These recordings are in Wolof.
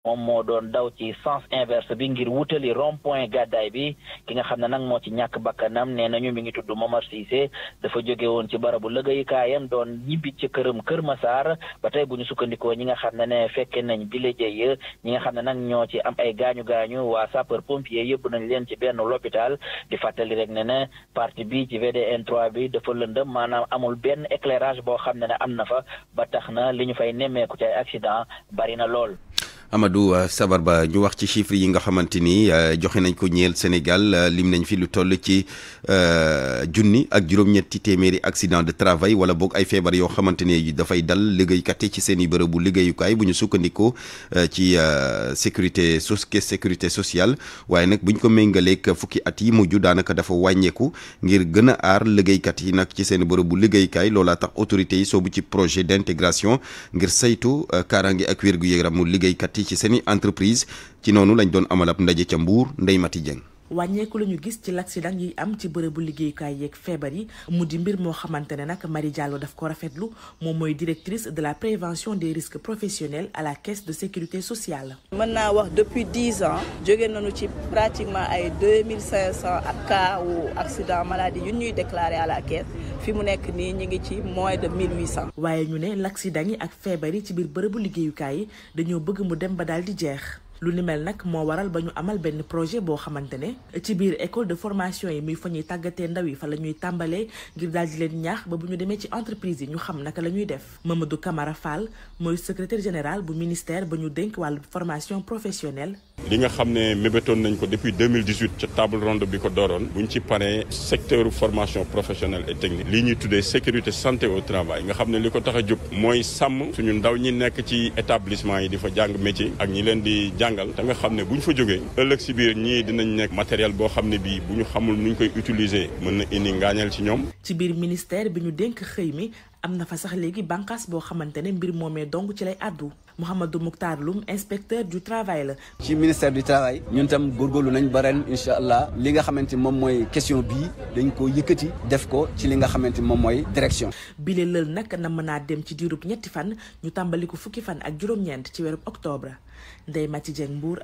moom moo doon daw ci sens inverse bi ngir wutali rond point gàddaay bi ki nga xam ne nag moo ci ñàkk bakkanam nee nañu mi ngi tudd Momar Cissé dafa jóge woon ci barabu lëgëykaayam doon ñibbi ci këram Kër Masaar ba tey bu ñu sukkandikoo ñi nga xam ne ne fekke nañ bi la ñi nga xam ne nag ñoo ci am ay gaañu gaañu waa sapeur pompier yëpp nañ leen ci benn l'hôpital di fàttali rek ne ne parti bi ci VDN 3 bi dafa lëndëm maanaam amul benn éclairage boo xam ne ne am na fa ba tax na li ñu fay nemmeeku accident bari na lool. amadu euh, Sabar Ba ñu wax ci chiffres yi nga xamante ni euh, joxe nañ ko ñeel Sénégal euh, lim nañ fi lu toll ci junni ak juróom-ñetti téeméeri accident de travail wala boog ay feebar yoo xamante ni dafay dal liggéeykat yi ci seen i bërëbu liggéeyukaay bu ñu sukkandikoo ci sécurité sos sécurité sociale waaye nag bu ko méngaleeg fukki at yi mujj daanaka dafa wàññeeku ngir gën a aar liggéeykat yi nag ci seen bërëbu liggéeyukaay loolaa tax autorités yi soobu ci projet d' intégration ngir saytu kaaraange ak wér gu yaramu liggéeykat yi yi ci seeni entreprise ci noonu lañ doon amal ndaje ca Mbour Ndeye Mati Dieng wàññeeku la ñu gis ci l'accident yi am ci bërëbu liggéeyukaay yeeg feebar yi mu di mbir moo xamante ne nag Marie Diallo daf ko rafetlu moom mooy directrice de la prévention des risques professionnels à la caisse de sécurité sociale. mën naa wax depuis dix ans jóge nañu ci pratiquement ay deux mille cinq cent accident maladie yu ñuy déclaré à la caisse fi mu nekk nii ñu ngi ci moins de mille huit cent. waaye ñu ne l'accident yi ak feebar yi ci biir bërëbu liggéeyukaay yi dañoo bëgg mu dem ba daal di jeex. lu ni mel nag moo waral ba ñu amal benn projet boo xamante ne ci biir école de formation yi muy fa ñuy tàggatee ndaw yi fa la ñuy tàmbalee ngir daal leen ñaax ba bu ñu demee ci entreprise yi ñu xam naka la ñuy def Mamadou Camara Fall mooy secretaire général bu ministère ba ñu dénk wàll formation professionnelle li nga xam ne mébétoon nañ ko depuis 2018 ca table ronde bi ko dooroon buñ ci paree secteur formation professionnelle et technique lii ñuy tuddee sécurité santé au travail nga xam ne li ko tax a jóg mooy sàmm suñu ndaw ñi nekk ci établissement yi di fa jàng métier ak ñi leen di jàngal te nga xam ne bu ñu fa jógee ëllëg si biir ñii dinañ nekk matériel boo xam ne bii bu ñu xamul nuñ koy utiliser mën na indi ngaañal ci ñoom. ci biir ministère bi ñu dénk xëy mi am na fa sax léegi bànqaas boo xamante ne mbir moomee dong ci lay àddu. Mouhamadou Mokhtar lum inspecteur du travail la. ci ministère du travail ñun tam góorgóorlu nañ ba ren incha allah li nga xamante moom mooy question bii dañ ko yëkkati def ko ci li nga xamante moom mooy direction. bile lël nag na mën a dem ci diirub ñetti fan ñu tàmbali ko fukki fan ak juróom-ñeent ci weerub octobre. Ndeye Mathi Dieng Mbour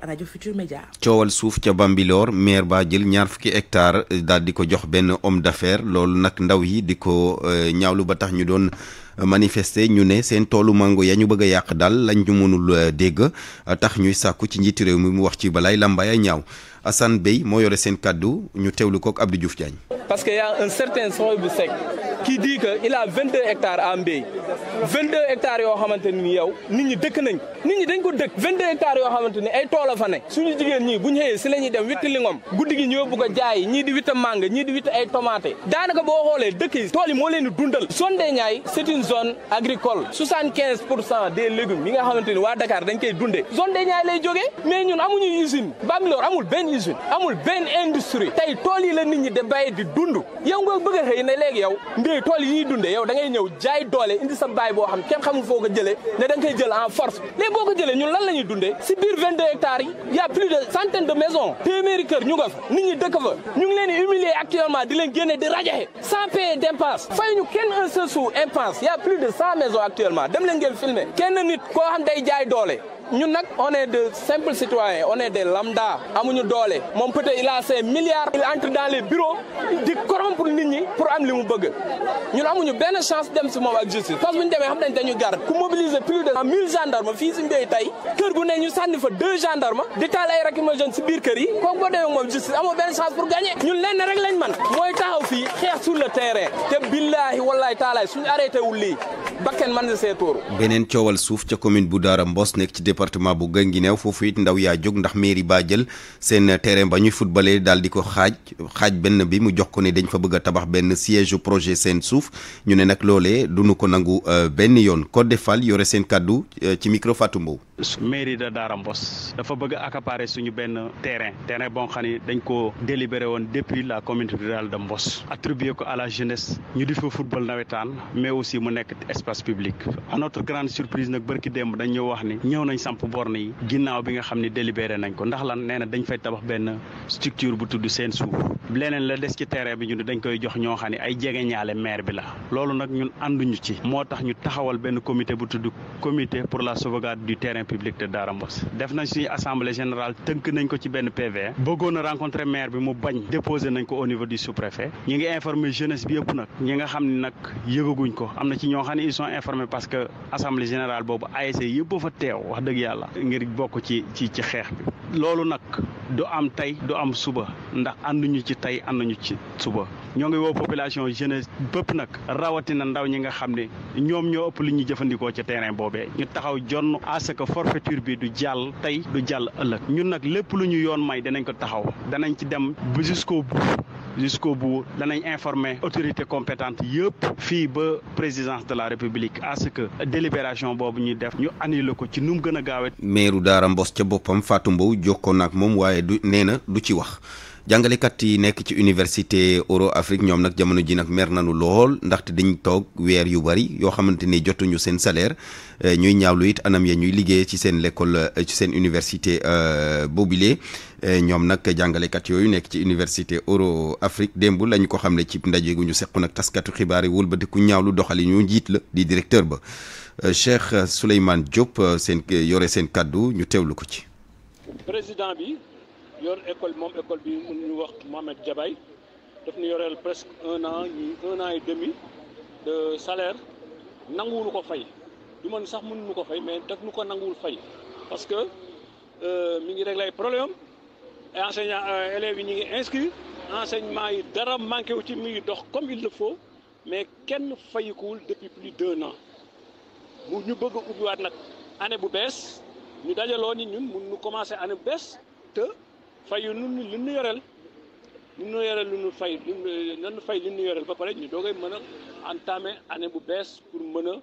coowal suuf ca Bambilor maire ba jël ñaar fukki hectare eh, daal di ko jox benn homme d'affaires loolu nag ndaw yi di ko eh, ñaawlu ba tax ñu doon eh, manifester ñu ne seen toolu mango ya ñu bëgg a yàq daal lañ ñu mënul dégg tax ñuy sàkku ci njiiti réew mi mu wax ci balay làmbaay ñaaw Assane Bey moo yore seen kàddu ñu teewlu kook Abdou Diouf Diagne. parce que y un certain sooy bu sec. kii dit que il a 22 hectares à mbéy 22 hectares yoo xamante ni yow nit ñi dëkk nañ nit ñi dañ ko dëkk 22 hectares yoo xamante ni ay tool a ne suñu jigéen ñii bu ñu xëyee si la ñuy dem witti lingom guddi gi ñoo a jaayi ñii di witta màng ñii di witta ay tomate daanaka boo xoolee dëkk yi tool yi moo leen di dundal zone des Niayes c'est une zone agricole 75 pour cent des légumes yi ni waa Dakar dañ koy dundee zone des Niayes lay jógee mais ñun amuñu usine Bambilor amul benn usine amul benn industrie tey tool yi la nit ñi de bay di dund yow nga bëgg a léegi yow yooyu tool yi ñuy dundee yow da ñëw jaay doole indi sa baay boo xam kenn xamul foo ko jëlee ne da nga koy jël en force léegi boo ko jëlee ñun lan la ñuy dundee si biir 22 hectares yi y' a plus de centaine de maisons téeméeri kër ñu nga fa nit dëkk fa ñu ngi leen di humilier di leen génne di rajaxe sans payer d'impense fay ñu kenn un seul sou impense y' a plus de 100 dem leen ngeen filmer kenn nit koo xam day jaay doole ñun nag on est de simples citoyens on est des lambda amuñu doole moom peut-être il a ses milliards il entre dans les bureaux di corrompre nit ñi pour am li mu bëgg ñun amuñu benn chance dem si moom ak justice parce que bu ñu demee xam nañ dañu garde ku mobiliser plus de mille gendarmes fii si mbéy kër gu ñu sànni fa deux gendarmes di taal ay lacrymogène si biir kër yi kooku boo demee moom justice amoo benn chance pour gagner mooy taxaw fii xeex sur le terrain te billaahi wallaahi taalaay suñu arrêté wul lii bakken man na see tóoru beneen coowal suuf ca commune bu Daara Mbos nekk ci département bu Guinguinéo foofu it ndaw yaa jóg ndax mairie baa jël seen terrain ba ñuy footballé daal di ko xaaj xaaj benn bi mu jox ko ni dañ fa bëgg a tabax benn siège projet seen suuf ñu ne nag loolee duñu ko nangu euh, benn yoon Codé Fall yore seen kàddu euh, ci micro Fatou Mbow mairie de Daara Mbos dafa bëgg a suñu benn terrain terrain boo xam ne dañ ko délibéré woon depuis la commune rurale de Mbos attribué ko à la jeunesse ñu di fa football nawetaan mais aussi mu nekk espace public à notre grande surprise nag bërki démb dañ ñu wax ni ñëw nañ samp borne yi ginnaaw bi nga xam ni délibéré nañ ko ndax lan nee na dañ fay tabax benn structure bu tudd seen suuf leneen la des ci terrain bi ñu dañ koy jox ñoo xam ni ay jegeñaale maire bi la loolu nag ñun ànduñu ci moo tax ñu taxawal benn comité bu tudd comité pour la du terrain publique de Darou Mboss def nañ suñu assemblée générale tënk nañ ko ci benn PV bëggoon a rencontrer maire bi mu bañ déposé nañ ko au niveau du sous-préfet ñi ngi informé jeunesse bi yëpp nag ñi nga xam ni nag yëgaguñ ko am na ci ñoo xam ne ils sont parce que assemblée générale boobu ASC yëpp fa teew wax dëgg yàlla ngir bokk ci ci ci xeex bi loolu nag du am tey du am suba ndax ànduñu ci tey ànduñu ci suba ñoo ngi woo population jeunesse bëpp nag rawatina ndaw ñi nga xam ne ñoom ñoo ëpp li ñuy jëfandikoo ca terrain boobee ñu taxaw jonn à ce que forfaiture bi du jàll tey du jàll ëllëg ñun nag lépp lu ñu yoon may danañ ko taxaw danañ ci dem ba jusqu'au bout jusqu'au bout danañ informer autorité compétente yëpp fii ba présidence de la république à ce que délibération boobu ñuy def ñu annulé ko ci nu mu gën a gaawee. meeru Daara Mbos ca boppam Fatou Mbow jokkoon ak moom waaye du nee na du ci wax. jàngalekat yi nekk ci université euro Afrique ñoom nag jamono ji nag mer nanu lool ndaxte dañ toog weer yu bari yoo xamante ni jotuñu seen salaire eh, ñuy ñaawlu it anam ya ñuy liggéey ci seen lekkool eh, ci seen université eh, boobule ñoom nag jàngalekat yooyu nekk ci université euro Afrique démb lañ ko xamle ci ndaje ñu sequ nag taskatu xibaar yi wëlbatiku ñaawlu doxali ñu njiit la di directeur ba Cheikh Souleymane Diop seen yore seen kàddu ñu teewlu ko ci. yor école moom école bi mun ñu wax Mohamed Diabay daf ñu yoreel presque un an yi un an et demi de salaire nanguwul ko fay du man sax mënuñu ko fay mais daf ñu ko nanguwul fay parce que euh, mi ngi réglé ay problème ay enseignant euh, élèves yi ñu ngi inscrit enseignement yi dara manqué wu ci mi dox comme il faut mais kenn fayikuwul depuis plus d'un an mu ñu bëgg a ubbiwaat nag année bu bees ñu dajaloo ni ñun mun ñu commencé année bu bees te fayu nun li nu yoreel li nu yoreel lu nu fay nanu fay li nu yoreel ba pare ñu doogay mën a entamé année bu bees pour mën a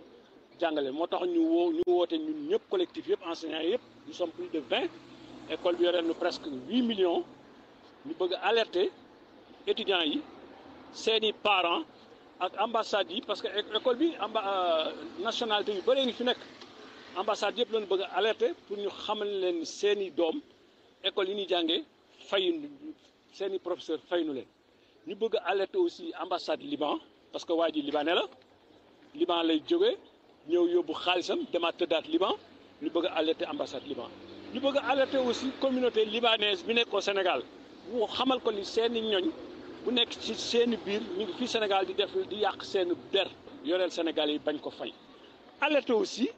jàngale moo tax ñu woo ñu woote ñun ñëpp collectif yëpp enseignants yëpp nous sommes plus de vingt école bi yoreel nu presque huit millions ñu bëgg a alerter étudiants yi seeni parents ak ambassades yi parce que école bi amba euh, nationalité yu bëree ngi fi nekk ambassade yëpp lañu bëgg a alerter pour ñu xamal leen seeni doom école yi ñuy jàngee fayuñu seen i fay nu leen ñu bëgg a alerter aussi ambassade Liban parce que waa ji libanais la Liban lay jóge ñëw yóbbu xaalisam demaat tëddaat Liban ñu bëgg a alerter ambassade Liban ñu bëgg a aussi communauté libanaise bi nekk au Sénégal mu xamal ko ni seeni i ñoñ bu nekk ci seeni biir ñu fii Sénégal di def di yàq seen der yoreel Sénégal yi bañ ko fay alerter aussi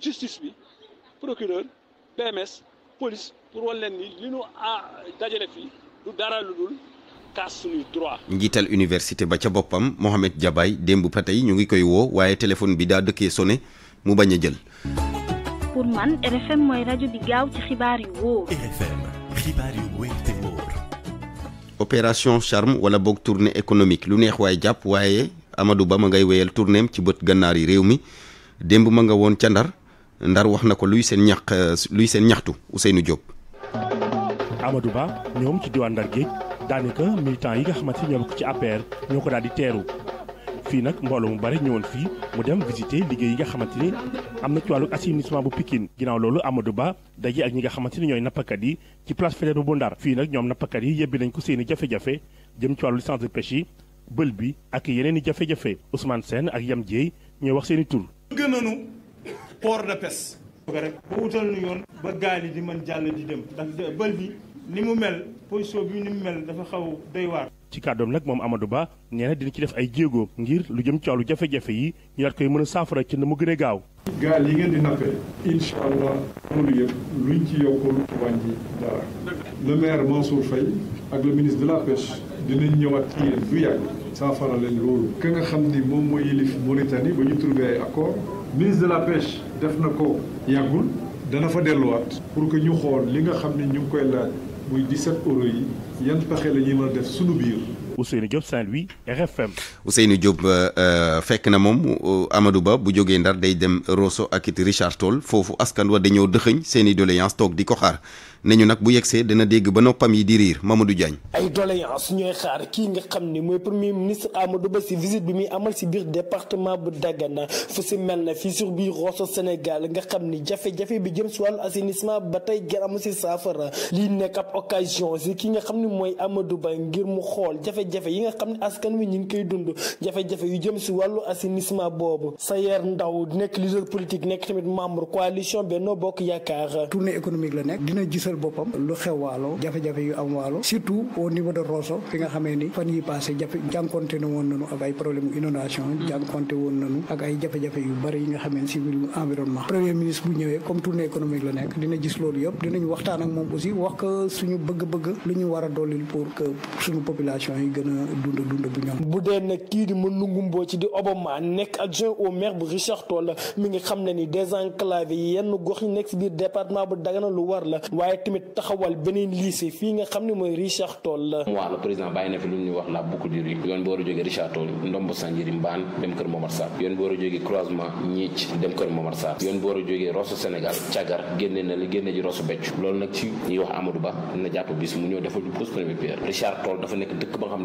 justice bi procureur PMS police pour wan leen ni li ah, dajale fii du dara lu dul kaas suñuy njiital université ba ca boppam Mohamed Diabaye démb ba tey ñu ngi koy woo waaye téléphone bi daa dëkkee sonné mu bañ a jël. pour man RFM mooy rajo bi gaaw ci xibaar yu wóor. RFM xibaar opération charme wala boog tournée économique lu neex waaye jàpp waaye Amadou Ba ma ngay wéyal tournéem ci bët gannaar yi réew mi démb ma nga woon ca Ndar. ndar wax na ko luy seen ñax luy seen ñaxtu Ousseynou jóg Amadou Ba ñoom ci diwaan Ndar géej daanaka militant yi nga xamante ni ñoo ko ci APR ñoo ko daal di teeru fii nag mbooloo mu bari ñëwoon fii mu dem visiter liggéey yi nga xamante ni am na ci wàllu assainissement bu Pikine ginnaaw loolu Amadou Ba daje ak ñi nga xamante ni ñooy nappakat yi ci place Faidherbe bu Ndar fii nag ñoom nappakat yi yebbi nañ ko seen i jafe-jafe jëm ci wàllu licence de pêche yi bël bi ak yeneen i jafe-jafe Ousmane ak Yam Dieye ñooy wax seen i port de pêche. rek ba wutal nu yoon ba gaal yi di mën jàll di dem ndax bël bi ni mu mel position bi ni mu mel dafa xaw doy waar. ci kàddoom nag moom Amadou Ba nee na dina ci def ay jéego ngir lu jëm ci wàllu jafe-jafe yi ñu daal koy mën saafara ci na mu gën a gaaw. gaal yi ngeen di nappe incha allah loolu yëpp luñ ci yokkul wàññi dara. le maire Mansour Faye ak le ministre de la pêche dinañ ñëwaat yàgg. saafara leen loolu. ka nga xam ni moom mooy yilif Mauritanie ba ñu ministre de la pêche def na ko yàggul dana fa delluwaat pour que ñu xool li nga xam ne ñu ngi koy laaj muy 17 euros yi yan pexe la ñuy mën a def sunu biir Ousseynou Diop Saint-Louis RFM. Ousseynou Diop euh, euh, fekk na moom euh, Amadou Ba bu jógee ndar day dem Rosso ak it Richard Toll foofu askan wa dañoo dëxëñ seen i toog di ko xaar nañu nag bu yegsee dana dégg ba noppam yi di riir Mamadou Diagne. ay doléance ñooy xaar kii nga xam ni mooy premier ministre Amadou Ba si visite bi muy amal si biir département bu Dagana fu si mel na fii sur biir Rosso Sénégal nga xam ni jafe-jafe bi jëm si wàllu assainissement ba tey garamu jafe yi nga xam ne askan wi ñu ngi koy dund jafe-jafe yu jëm si wàllu assainissement boobu sa Sayer Ndaw nekk leader politique nekk tamit membre coalition Benno Bokk Yaakaar. économique la nekk dina gisal boppam lu xew waalo jafe-jafe yu surtout au niveau de Rosso fi nga xamee ni fan yi passé jafe jànkonte na woon nañu ak ay problème inondation jànkonte woon nañu ak ay jafe-jafe yu bari yi nga xamee ni si mbirum environnement premier ministre bu ñëwee comme tournée économique la nekk dina gis loolu yëpp dinañ waxtaan ak moom aussi wax suñu bëgg-bëgg lu ñu war a pour que suñu population yi gën a dund dund bu ñoom bu dee nag kii di Modou Ngumbo ci di Obama nekk adjoint au maire bu Richard Toll mi ngi xam ne ni désenclavé yi yenn gox yi nekk biir département bu Dagana lu war la waaye tamit taxawal beneen lycée fii nga xam ne mooy Richard Toll la waa la président bàyyi na fi lu ñuy wax la boucle du riz yoon bi war a jógee Richard Toll ndomb Sanjiri Mbaan dem kër Momar Sarr yoon bi war a jógee croisement Ñiic dem kër Momar Sarr yoon bi war a jógee Rosso Sénégal Cagar génne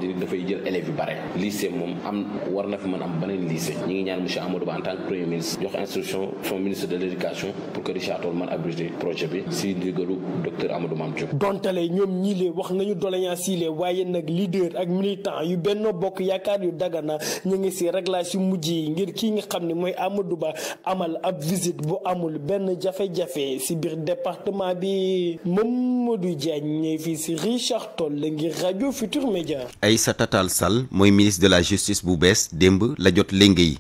xamante ni dafay jël élèves yu bare lycée moom am war na fi mën am beneen lycée ñi ngi ñaan monsieur Amadou Ba en tant que premier ministre jox instruction son ministre de l'éducation pour que Richard Toll mën abrité projet bi si ndigalu docteur Amadou Mame Diop dontale ñoom ñii lee wax nañu doléance yi lee waaye nag leader ak militant yu Benno Bokk Yaakaar yu Dagana ñu ngi si réglage yu mujj yi ngir kii nga xam ne mooy Amadou Ba amal ab visite bu amul benn jafe-jafe si biir département bi Mamadou Diagne ñëw fii si Richard Toll ngir rajo Futur Média Aïssata Tall Sall mooy ministre de la justice bu bees démb la jot lénge yi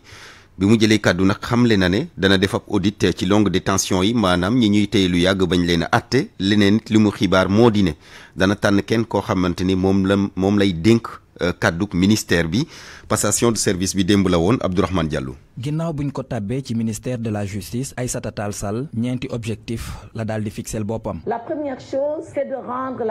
bi mu jëlee kàddu nag xamle na ne dana def ab audit ci longue détention yi maanaam ñi ñuy téye lu yàgg bañ leen a atte leneen li mu xibaar moo di ne dana tànn kenn koo xamante ni moom la moom lay dénk euh, kàdduk ministère bi passation de service bi démb la woon Abdourahmane Diallo. ginnaaw buñ ko tàbbee ci ministère de la justice ay Tall Sall ñeenti objectif la daal di fixel boppam. la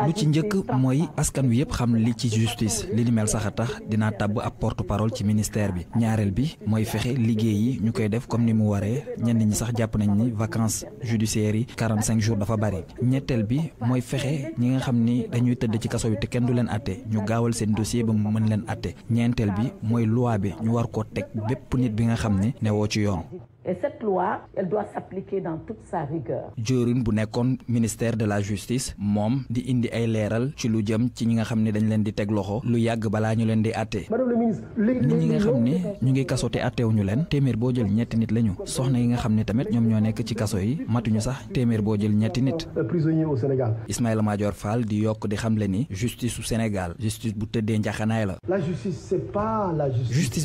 lu ci njëkk mooy askan bi yëpp xam li ci justice li ni mel sax a tax dinaa tàbb ab porte-parole ci ministère bi ñaareel bi mooy fexe liggéey yi ñu koy def comme ni mu waree ñenn ñi sax jàpp nañ ni vacances judiciaires yi 45 jours dafa bari ñetteel bi mooy fexe ñi nga xam ni dañuy tëdd ci kaso bi kenn du leen atte ñu gaawal seen dossier ba mu mën leen atte ñeenteel bi. mooy loi bi ñu war ko teg bépp nit bi nga xam ni newoo ci yoon cette bu nekkoon ministère de la justice moom di indi ay leeral ci lu jëm ci ñi nga xam ne dañ leen di teg loxo lu yàgg balaa ñu leen di àtte. nit ñi nga xam ne ñu ngi kaso te àttewuñu leen téeméer boo jël ñetti nit lañu soxna yi nga xam ne tamit ñoom ñoo nekk ci kaso yi matuñu sax téeméer boo jël ñetti nit. Euh, prisonnier major Sénégal. Ismaïla Madior Fall di yokk di xamle ni justice su Sénégal justice bu tëddee njaxanaay la. la justice c'est pas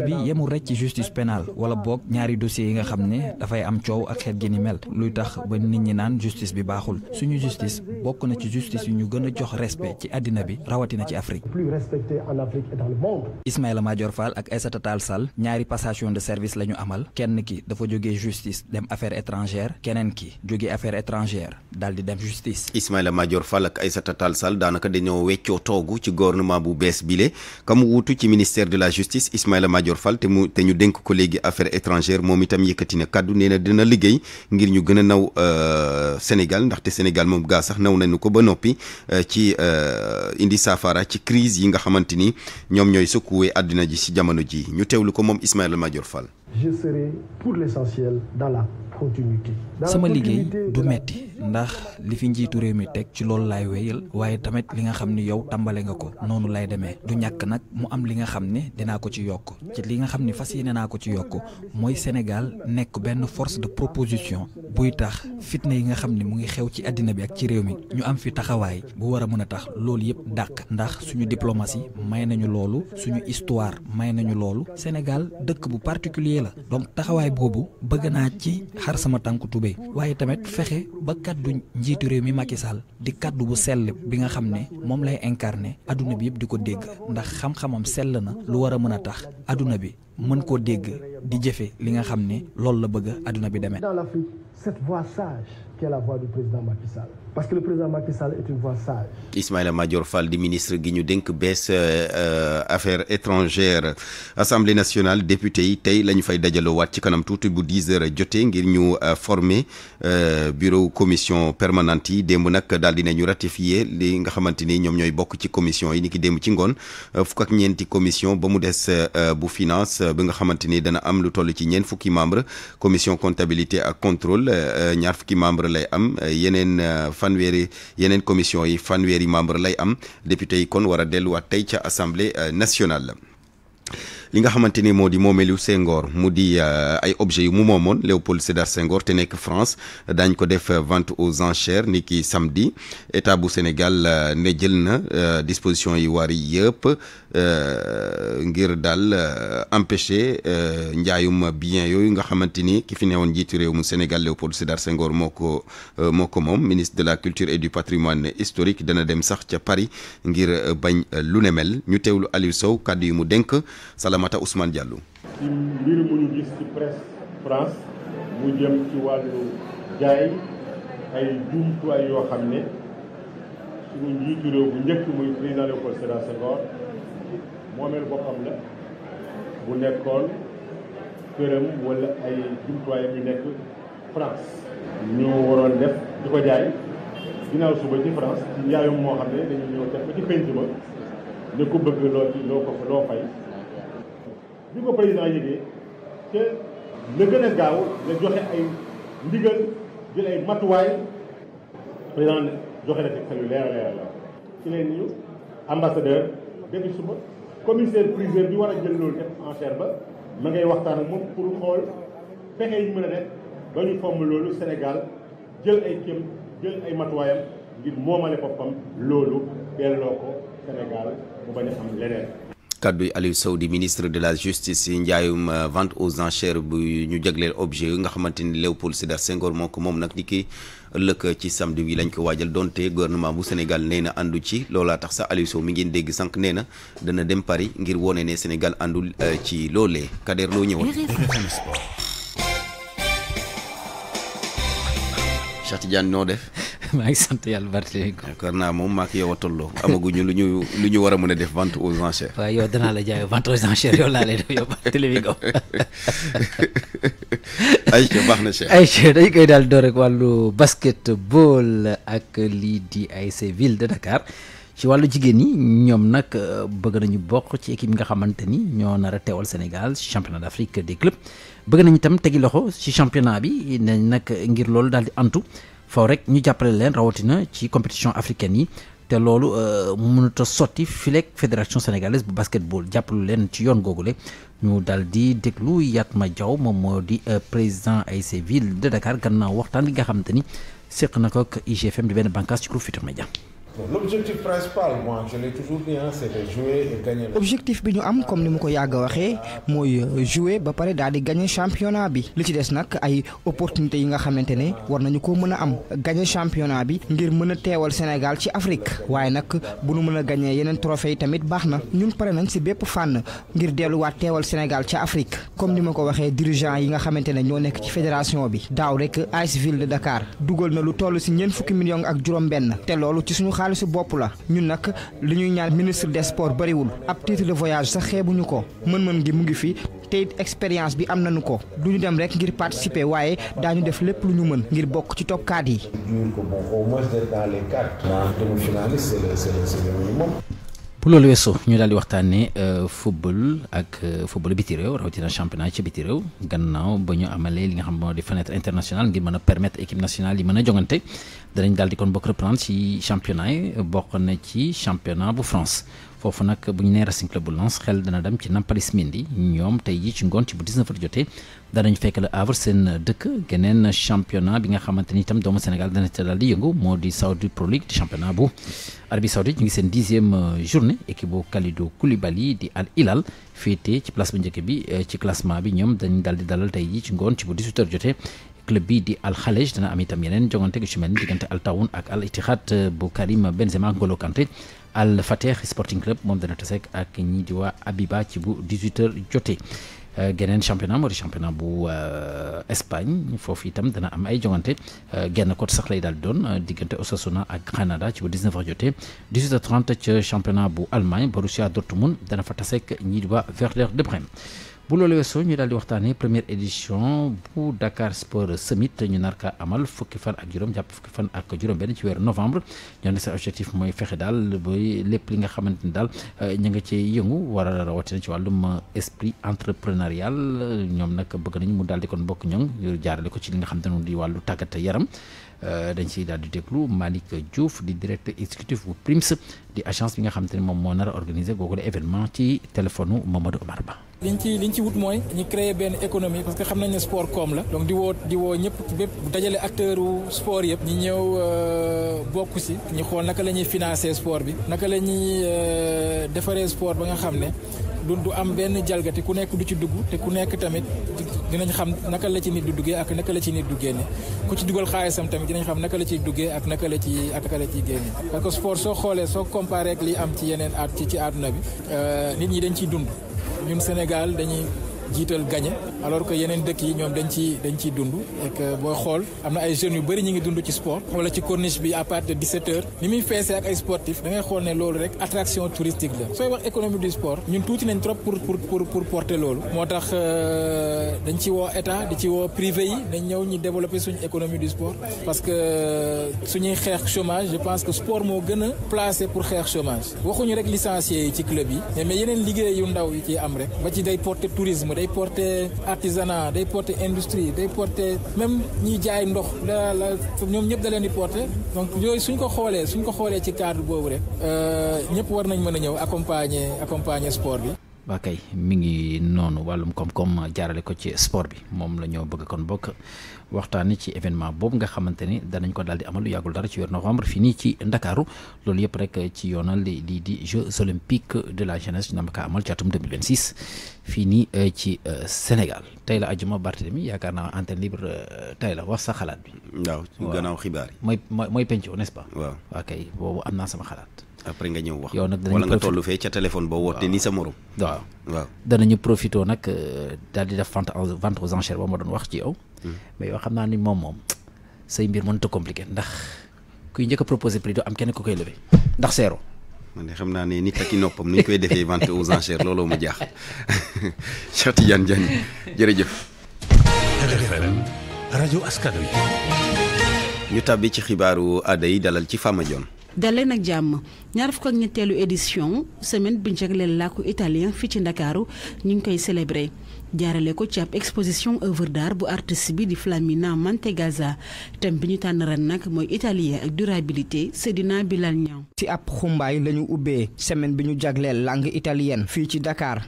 bi yemul rek ci justice pénale wala boog ñaari dossiers yi nga xam ne dafay am coow ak xeet gi ni mel luy tax ba nit ñi naan justice bi baaxul suñu justice bokk na ci justice yu ñu gën a jox respect ci àddina bi rawatina ci Afrique. plus respecté en Afrique et dans le monde. ak Aïssata Tall Sall ñaari passation de service la ñu kenn ki dafa jógee justice dem affaire étrangère keneen ki jógee affaire étrangère daal di dem justice. Ismaïla Madior Fall ak Aïssata Tall Sall daanaka dañoo weccoo toogu ci gouvernement bu bees bile ka mu ci ministère de la justice Ismaïla Madior Fall te mu te ñu dénk ko léegi affaire étrangère moom itam yëkkati kàddu nee na dina liggéey ngir ñu gën a naw euh, Sénégal ndaxte Sénégal moom gaa sax naw nañu ko ba noppi euh, ci euh, indi saafara ci crise yi nga xamante ni ñoom ñooy secoué àddina ji ci jamono ji ñu teewlu ko moom Ismaïla Madior Fall. je serai pour l'essentiel dans la sama liggéey du metti ndax li fi njiitu réew mi teg ci loolu laay wéyal waaye tamit li nga xam ni yow tàmbale nga ko noonu lay demee du ñàkk nag mu am li nga xam ne dinaa ko ci yokk ci li nga xam ni fas yi ne naa ko ci yokk mooy Sénégal nekk benn force de proposition buy tax fitna yi nga xam ne mu ngi xew ci àddina bi ak ci réew mi ñu am fi taxawaay bu war a mën a tax loolu yëpp dàq ndax suñu diplomatie may nañu loolu suñu histoire may nañu loolu la donc taxawaay boobu bëgg naa ci xar sama tànk tubéy waaye tamit fexe ba kaddu njiitu réew mi Macky Sall di kàddu bu sell bi nga xam ne moom lay incarné àdduna bi yëpp di ko dégg ndax xam-xamam sell na lu war a mën a tax adduna bi mën koo dégg di jëfe li nga xam ni loolu la bëgg àdduna bi demee cette voix sage Ismaïla Madior Fall di ministre gi ñu dénk bees euh, euh, affaires étrangères assemblée nationale député yi tey lañu fay dajaloo waat ci kanam tuuti bu 10 heures jotee ngir ñu euh, former bureau commission permanente yi demb nag daal dina ñu ratifier li nga xamante ni ñoom ñooy bokk ci commission yi ni ki démb ci ngoon fukk ak ñeenti commission ba mu des bu finance ba nga xamante ni dana am lu toll ci ñeent fukki membre commission comptabilité ak contrôle. amul euh, ñaar fukki membre lay am euh, yeneen euh, fanweeri yeneen commission yi fanweeri membre lay am député yi kon war a delluwaat tey ca assemblée nationale li nga xamante ni moo di moomeelu Senghor mu di euh, ay objets yu mu moomoon Léopold Sédar sengoor te nekk France dañ ko def vente aux enchères ni ki samedi état bu Sénégal euh, ne jël na euh, disposition yi war yëpp ngir daal empêcher njaayum bien yooyu nga xamante ni ki fi newoon njiitu réew mu Sénégal Léopold Sédar Senghor moo ko moo moom ministre de la culture et du patrimoine historique dana dem sax ca Paris ngir bañ lu ne mel ñu teewlu ali Sow kàddu yi mu dénk Salamata Ousmane Diallo. ci mbir mu ñu gis ci presse France mu jëm ci wàllu jaay ay jumtuwaay yoo xam ne suñu njiitu réew bu njëkk muy président Léopold Sédar Senghor moomeel boppam la bu nekkoon këram wala ay jumtuwaayam yu nekk France. ñu waroon def di ko jaay ginnaaw suba ci France ci njaayum moo xam ne dañu ñëw def ci penc ba ne ko bëgg loo ci loo ko loo fay. bi ko président yëgee te la gën a gaaw la joxe ay ndigal jël ay matuwaay président joxe na tegtal yu leer a leer la ci leen ñu ambassadeur depuis suba commissaire priseur bi war a jël loolu def en chair ba ma ngay waxtaan ak moom pour xool pexe yi mu a def ba ñu fomm loolu Sénégal jël ay kéem jël ay matuwaayam ngir moomale boppam loolu delloo ko Sénégal mu bañ a am leneen kaddu Aliou Sow di ministre de la justice yi njaayum euh, vente aux enchères bu ñu jagleel objet yi nga xamante ni Léopold Sédar Senghor moo ko moom nag ni ki ëllëg ci samedi wi lañ ko waajal donte gouvernement bu Sénégal nee na àndu ci loolaa tax sax Aliou Sow mi ngeen dégg sànq nee na dana dem Paris ngir wone ne Sénégal àndul euh, ci loolee Kader loo ñëwoon. Cheikh Tidiane noo def. maa sant yàlla bar Ngom. yaakaar naa moom maa ngi yow a tolloo amaguñu lu ñu lu ñu war a mën a def vente aux enchères. waaw yow danaa la jaay vente aux enchères yow laa lay def yow Barthélémy Ngom. ayca baax na Cheikh. ayca dañu koy daal door rek wàllu basketball ak lii di ay Ville de Dakar. ci wàllu jigéen ñi ñoom nag euh, bëgg nañu bokk ci équipe yi nga xamante ni ñoo nar a teewal Sénégal ci championnat d'Afrique des clubs bëgg nañu tam tegi loxo ci championnat bi ne nag ngir loolu daal di antu faw rek ñu jàppale leen rawatina ci compétition africaine yi te loolu euh, mënut a sotti fileeg fédération sénégalaise bu basketball jàppalu leen ci yoon googule ñu daal di déglu ma Diaw moom moo di euh, président ay Ville de Dakar gannaaw waxtaan bi nga xamante ni seq na ko ak di benn bànqaas ci groupe Futurs Médias objectif bi ñu am comme ni mu ko yàgg waxee mooy euh, jouer ba pare daal di gagner championnat bi li ci des nag ay opportunités yi nga xamante ne war nañu ko mën a am gagner championnat bi ngir mën a teewal Sénégal ci Afrique waaye nag bu nu mën a gagner yeneen trophée tamit baax na ñun pare nañ si bépp fànn ngir delluwaat teewal Sénégal ci Afrique comme ni ma ko waxee dirigeant yi nga xamante ne ñoo nekk ci fédération bi daaw rek AS Ville de Dakar dugal na lu toll si ñeent fukki ak juróom xaalisu bopp la ñun nag li ñuy ñaan ministre des sports bariwul ab titre de voyage sax xeebuñu ko mën-mën gi mu ngi fi te it expérience bi am nañu ko du ñu dem rek ngir participer waaye daañu def lépp lu ñu mën ngir bokk ci top 4 yi. bu loolu weesoo ñu daal di waxtaanee euh, football ak euh, football biti réew rawatina championnat ci biti réew gannaaw ba ñu amalee li nga xam moo di fenêtre internationale ngir mën a permettre équipe nationale yi mën a jongante danañ daal di kon bokk reprendre ci championnat yi bokk na ci championnat bu France. foofu nag bu ñu nee Racing Club bu lance xel dana dem ci Nampalys Mendy ñoom tey jii ci ngoon ci bu 19h jotee danañ fekk la Havre seen dëkk geneen championnat bi nga xamante ni itam doomu Sénégal dana ca daal di yëngu moo di Saudi Pro League di championnat bu Arabie Saoudite ñu ngi seen dixième euh, journée équipe bu Kalidou Koulibaly di Al Hilal féetee ci place bu njëkk bi euh, ci classement bi ñoom dañ daal di dalal tey jii ci ngoon ci bu 18h jotee club bi di Al dana am itam yeneen jongante gu ci mel ni diggante Al Tawoun ak Al Ittihad eh, bu Karim Benzema Ngolo Kanté Al Fateh Sporting Club moom dana taseek ak ñii di waa Abiba ci bu 18h jotee. Eh, geneen championnat moo di championnat bu eh, Espagne foofu itam dana am ay jongante genn côté sax lay daal doon diggante Osasuna ak Granada ci bu 19h jotee 18 championnat bu Allemagne Borussia Dortmund dana fa taseek ñii di waa de Brême. bu loolu weesoo ñu daal di waxtaanee première édition bu Dakar Sport Summit ñu nar amal fukki fan ak juróom jàpp fukki fan ak juróom-benn ci weeru novembre ñoo ne seen objectif mooy fexe daal ba lépp li nga xamante ni daal euh, ñu nga cee yëngu war a rawatina ci wàllum esprit entrepreneurial ñoom nag bëgg nañu mu daal di kon bokk ñoom jaarale ko ci li nga xam xamante ne di wàllu tàggat yaram euh, dañ siy daal di déglu Malick Diouf di directeur exécutif bu Prims. di agence bi nga xam te ne moom moo nar a organiser googu la événement ci téléphone Mamadou Omar Ba. liñ ci liñ ci wut mooy ñi créer benn économie parce que xam nañ ne sport koom la donc di woo di woo ñëpp bépp dajale acteur u sport yëpp ñi ñëw euh, bokk si ñu xool naka la ñuy financer sport bi naka la ñuy euh, defaree sport ba nga xam ne du du am benn jalgati ku nekk du ci dugg te ku nekk tamit dinañ xam naka la ci nit di duggee ak naka la ci nit du génne ku ci dugal xaalisam tamit dinañ xam naka la ciy duggee ak naka la ci ak naka la ciy génne parce que sport soo xoolee soo comparé ak li am ci yeneen at ci ci àdduna bi euh, nit ñi dañ ciy dund ñun Sénégal dañuy jiital gagné alors que yeneen dëkk yi ñoom dañ ci dañ ciy dund et que booy xool am na ay jeunes yu bëri ñu ngi dund ci sport wala ci corniche bi à partir de 17 heures ni muy feesee ak ay sportif da xool ne loolu rek attraction touristique la sooy wax économie du sport ñun tuuti nañ trop pour pour pour pour porter loolu moo tax euh, dañ ci woo état di ci woo privé yi nañ ñëw ñu développer suñu économie du sport parce que euh, suñuy xeex chômage je pense que sport moo gën a placé pour xeex chômage waxuñu rek licencié yi ci club yi mais liggéey yu ndaw yi ciy am rek porté porter artisanat day porter industrie day porté même ñuy jaay ndox la la ñoom ñëpp da leen di porter donc yooyu suñ ko xoolee suñ ko xoolee ci cadre boobu rek euh, ñëpp war nañ mën a ñëw accompagner accompagner sport bi. waa kay mi ngi noonu wàllum koom-koom jaarale ko ci sport bi moom la ñoo bëgg kon bokk. waxtaanee ci événement boobu nga xamante ni danañ ko daal di amal lu yàggul dara ci weer novembre fii nii ci Ndakaaru loolu yëpp rek ci yoonal lii di Jeux olympiques de la jeunesse ñu ko amal ci atum 2026 fii nii euh, ci euh, Sénégal tey la ajuma Barthélemy yaakaar naa antenne libre euh, tey la wax sa xalaat bi. waaw gannaaw xibaar yi. mooy mooy penco n'est-ce pas. waaw am naa sama xalaat. après nga ñëw wax. yow nag wala nga tollu fee ca téléphone boo ni sa morom. waaw waaw danañu profité nag daal di def vente aux enchères ba ma doon wax ci yow. Mm. mais yoo xam naa ni moom moom say mbir mënut a ndax kuy njëkk a proposé prix am kenn ku koy levé ndax seero. man de xam naa ne nit ak i noppam nu ñu koy defee vente aux enchères looloo mu jaax Cheikh Tidiane Diagne jërëjëf. RFM rajo askan wi. ñu tàbbi ci xibaaru aada yi dalal ci Fama Dione. dalee nag jàmm ñaar fukk ak ñetteelu édition semaine bi njëgleel làkku italien fii ci ndakaaru ñu ngi koy célébré. jaarale ko ci ab exposition œuvre bu artiste bi di Flamina Mantegazza thème bi ñu tànn ren nag mooy italien ak durabilité Sedina Bilal Niang ci ab xumbaay lañu ubbee semaine bi ñu jagleel langue italien fii ci Dakar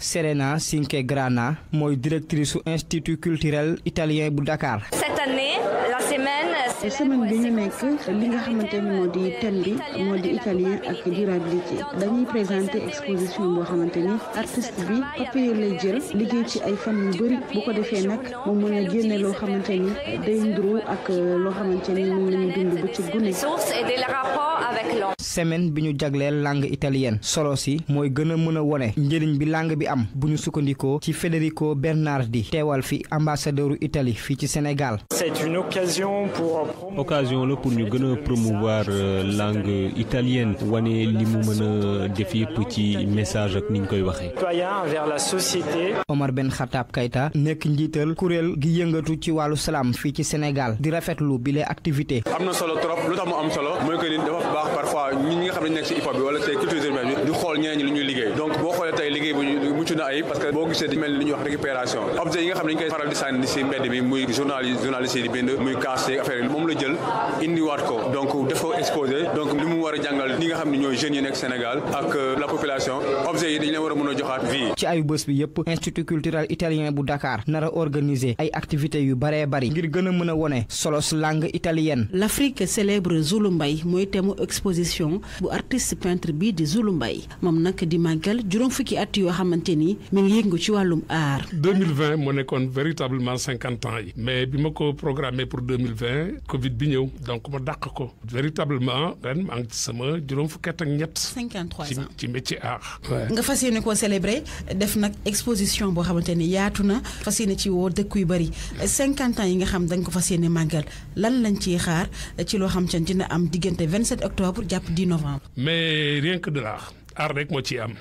Serena Cinquegrana mooy directrice su institut culturel italien bu Dakar. cette année la bi ñu nekk li moo di thème bi moo di italien dañuy présenter exposition boo xamante ni artiste bi papier jël liggéey ci ay fan yu bëri bu ko defee nag mu mën a génne euh, loo xamante ni day nduru ak loo xamante ni moom la ñu bu ci gune. semaine bi ñu jagleel langue italienne solo mooy gën a mën a wone njëriñ bi langue bi. am bu ñu sukkandikoo ci Federico Bernardi teewal fi ambassadeuru Italie fii ci Sénégal. c'est une occasion pour. occasion la pour ñu gën a promouvoir euh, langue italienne wane li mu mën a def ci message ak ni koy waxee. vers la société. Omar Ben Khattab Keita nekk njiital kuréel gi yëngatu ci wàllu salaam fii ci Sénégal di rafetlu bile activité. am na solo trop lu tax mu am solo mooy que ni dafa baax parfois ñi nga xam ne nekk ci hip bi wala c'est culture gisee di mel ni li wax récupération objet yi nga xam ne dañ koy faral di sànni si mbedd bi muy journal journaliste yi di bind muy casse affaire yi moom la jël indiwaat ko donc def exposé donc li mu war a jàngal ñi nga xam ne ñooy jeunes yi nekk Sénégal ak euh, la population objet yi dañ leen war a mën a joxaat vie. ci ayu bi yëpp institut culturel italien bu Dakar nar a ay activités yu baree bari ngir gën a mën wone solos langue italienne. l'Afrique célèbre Zulu Mbaye mooy yoo xamante ni ci wàllum aar. 2020 mu nekkoon véritablement cinquante ans yi. mais bi ma ko programmé pour 2020 Covid bi ñëw donc ma dàq ko. véritablement ren sama juróom fukki at ak ñett. 53 ans ci ci nga fas yéene koo célébrer def nag exposition boo xamante ni yaatu na fas yéene ci woo dëkk yu bari. 50 ans yi nga xam da ko fas yéene màggal lan lañ ciy xaar ci loo xam te dina am diggante 27 octobre jàpp 10 novembre. mais rien que de l'art aar rek moo ciy am.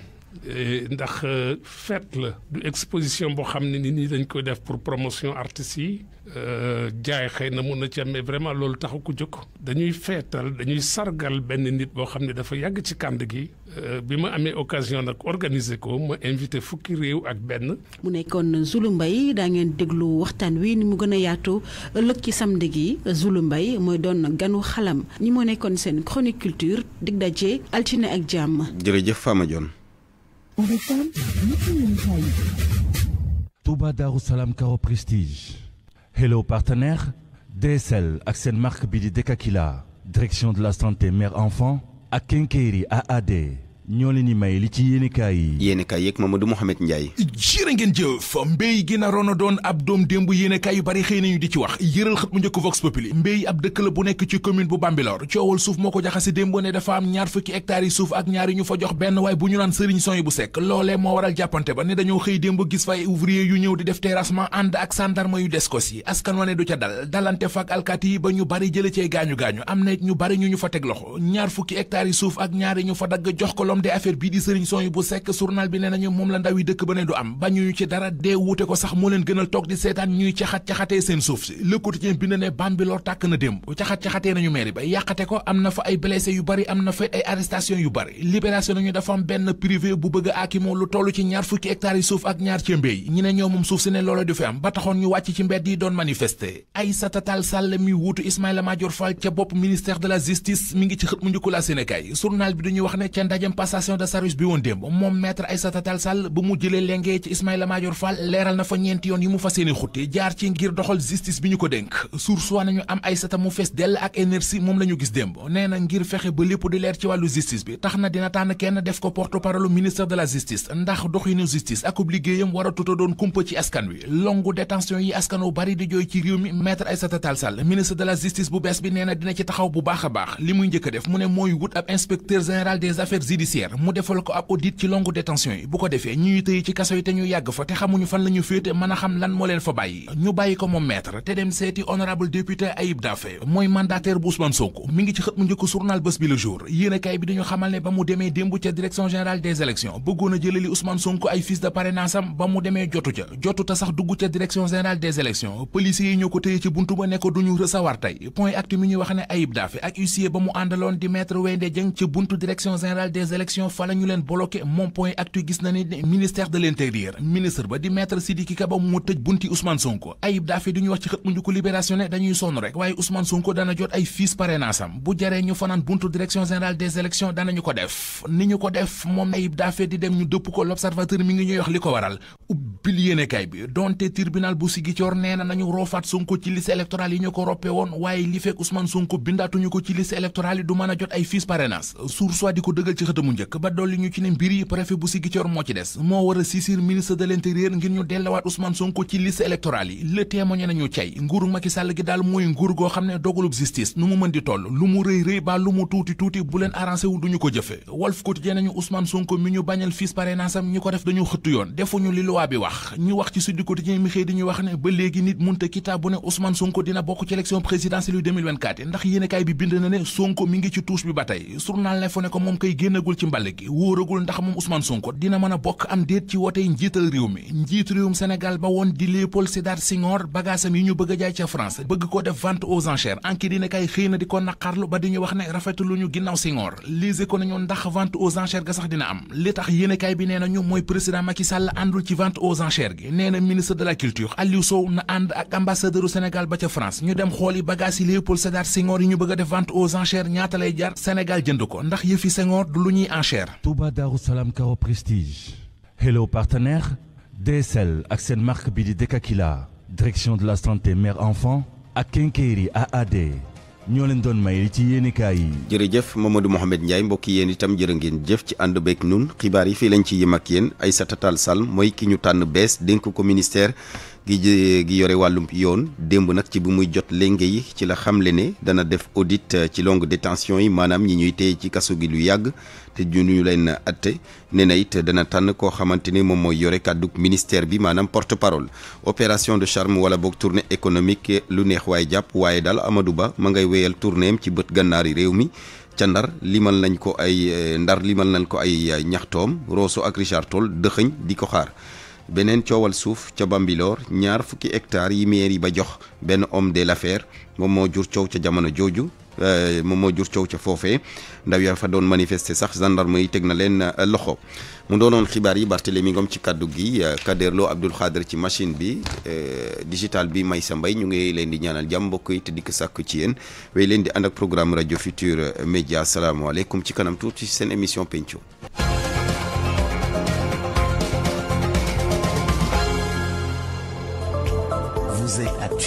Eh, ndax euh, fête la du exposition boo xam ne nit ñi dañ koy def pour promotion artistes yi euh, jaay xëy na mun na ci am mais vraiment loolu taxu ko jóg dañuy feetal dañuy sargal benn nit boo xam ne dafa yàgg ci kànd gi euh, bi ma amee occasion ak organiser ko ma invité fukki réew ak benn mu nekkoon Zulu Mbaye daa ngeen déglu waxtaan wi ni mu gën a yaatoo ëllëg ci samedi gi Zulu Mbaye mooy doon ganu xalam ñi moo nekkoon seen chronique culture dig daje altine ak jàmm jërëjëf Fama Dione Touba Darou Salam Caro Prestige hello partenaire DSL ak seen marque bi di Dekakila direction de la santé mère enfant ak Kenkeri AAD ñoo leen may li ci yéenekaay yi. yéenekaay yeeg Mamadou Mouhamed Ndiaye. jërë ngeen jëf mbéy gi naroon a doon ab doom démb yéenekaay yu bari xëy nañu di ci wax yëral xët mu njëkk Vox Populi mbéy ab dëkk la bu nekk ci commune bu Bambilor coowal suuf moo ko jaxase démb ne dafa am ñaar fukki hectares yi suuf ak ñaar yi ñu fa jox benn waaye bu ñu naan sëriñ son bu sekk loolee moo waral jàppante ba ne dañoo xëy démb gis fay ouvrier yu ñëw di def terrassement ànd ak gendarme yu deskos yi askan wa du ca dal dalante fak alkaati ba ñu bari jële cee gaañu gaañu am na ñu bari ñu ñu fa teg loxo ñaar fukki hectares yi suuf ak ñaar yi ñu fa dagg jox ko moom de affaire bii di sëriñ son bu sekk journal bi nee nañu moom la ndaw yi dëkk ba ne du am ba ñuñu ci dara dee wuute ko sax moo leen gënal toog di seetaan ñuy caxat-caxatee seen suuf si le quotidien bi ne bam tàkk na démb caxat-caxatee nañu mairie ba yàqate ko am na fa ay blessé yu bari am na fa ay arrestation yu bari libération nañu dafa benn privé bu bëgg a lu toll ci ñaar fukki hectares yi suuf ak ñaar ci mbéy ñi ne ñoo suuf si ne passation de service bi woon démb moom maître Aïssata Tall Sall ba mu jëlee lengee ci Ismaïla Madior Fall leeral na fa ñeenti yoon yi mu fas yéene xutti jaar ci ngir doxal justice bi ñu ko dénk source nañu am Aïssata mu fees dell ak énergie moom la ñu gis démb nee na ngir fexe ba lépp di leer ci wàllu justice bi tax na dina tànn kenn def ko porte-parole ministre de la justice ndax doxinu justice ak liggéeyam war a tuta doon kumpa ci askan wi longu détention wu bari di jooy ci réew mi maître Aïssata Tall Sall ministre de la justice bu bees bi nee na dina judiciaire mu defal ko ab audit ci longue détention yi bu ko defee ñuy tëye ci kaso yi te ñu yàgg fa te xamuñu fan la féete mën a xam lan moo leen fa bàyyi ñu bàyyi ko moom maître te dem seeti honorable député Ayib Daffé mooy mandataire bu Ousmane Sonko mi ngi ci xët mu njëkk journal bés bi le jour yéenekaay bi dañu xamal ne ba mu demee démb ca direction générale des élections bëggoon jëlali Ousmane Sonko ay fiches de parrainage am ba mu demee jotu ca jotu ta sax élection la ñu leen bloqué moom point actu gis na ni ministère de l'intérieur ministre ba di maître Sidiki Kaba mu tëj bunti Ousmane Sonko Ayib Daffé du ñu wax ci xët mu njëkk libération ne dañuy sonn rek waaye Ousmane Sonko dana jot ay fiches parrainage bu jaree ñu fanaan buntu direction générale des élections danañu ko def ni ñu ko def moom Ayib Daffé di dem ñu dëpp ko l'observateur mi ngi ñuy wax li ko waral ubbil yéenekaay bi donte tribunal bu Ziguinchor mu ba dolli ñu ci ne mbir yi préfet bu Ziguinchor moo ci des moo war a saisir ministre de l'intérieur ngir ñu dellawaat Ousmane Sonko ci liste électorale yi le témoigné nañu cay nguuru Macky Sall gi daal mooy nguur goo xam ne dogalub justice nu mu mën di toll lu mu rëy rëy ba lu mu tuuti tuuti bu leen arrangé wu duñu ko jëfe Walf Quotidien nañu Ousmane Sonko mi ñu bañal fils parrainage am ñi ko def dañu xëttu yoon defuñu li loi bi wax ñu wax ci Sud ko moom ci mbàll gi wóoragul ndax moom Ousmane Sonko dina mën a bokk am déet ci wotey njiital réew mi njiit réewum Sénégal ba woon di Léopold Sédar Senghor bagaasam yi ñu bëgg a jaay ca France bëgg ko def vente aux enchères enquête dina kay xëy na di ko naqarlu ba di ñu wax ne rafetlu ñu ginnaaw Senghor lise ko nañu ndax vente aux enchères ga sax dina am li tax yéenekaay bi nee nañu mooy président Macky Sall àndul ci vente aux enchères gi nee na ministre de la culture u Sénégal ba ca France ñu a lay jar Sénégal jënd prix en chair. Touba Darou Salam Caro Prestige. hello partenaire DSL ak seen marque bi di dëkk Dekakila direction de la santé mère enfant ak Kenkeyri AAD ñoo leen doon may li ci yéenekaay yi. jërëjëf Mamadou Mouhamed Ndiaye mbokk yéen itam jërë ngeen jëf ci ànd beeg nun xibaar yi fii lañ ci yëm ak yéen Aïssata Tall Sall mooy ki ñu tànn bees dénk ko ministère. gi gi yore wàllum yoon démb nag ci bu muy jot lenge yi ci la xamle ne dana def audit euh, ci longue détention yi maanaam ñi ñuy téye ci kaso gi lu yàgg te ñu leen atte nee na it dana tànn koo xamante ni moom mooy yore kàdduk ministère bi maanaam porte parole opération de charme wala boog tournée économique lu neex waaye jàpp waaye daal Amadou Ba ma ngay wéyal tournéem ci bët gannaari réew mi ca ndar limal nañ ko ay euh, ndar limal nañ ko ay ñaxtoom Rosso ak Richard Toll di ko xaar beneen coowal suuf ca Bambilor ñaar fukki hectares yi yi ba jox benn homme de l'affaire moom moo jur coow ca jamono jooju euh, moom moo jur coow ca foofe ndaw ya fa doon manifester sax gendarme yi teg na leen euh, loxo mu doonoon xibaar yi Barthélémy ngoom ci kaddu gi euh, Kaderlo Abdoul Khadre ci machine bi digital bi may sa mbay ñu ngi leen di ñaanal jàmm mbokk yi te dikk sàkk ci yéen wéy leen di ànd ak programme rajo Futur Média asalaamaaleykum ci kanam tuuti seen émission penco. Actuel.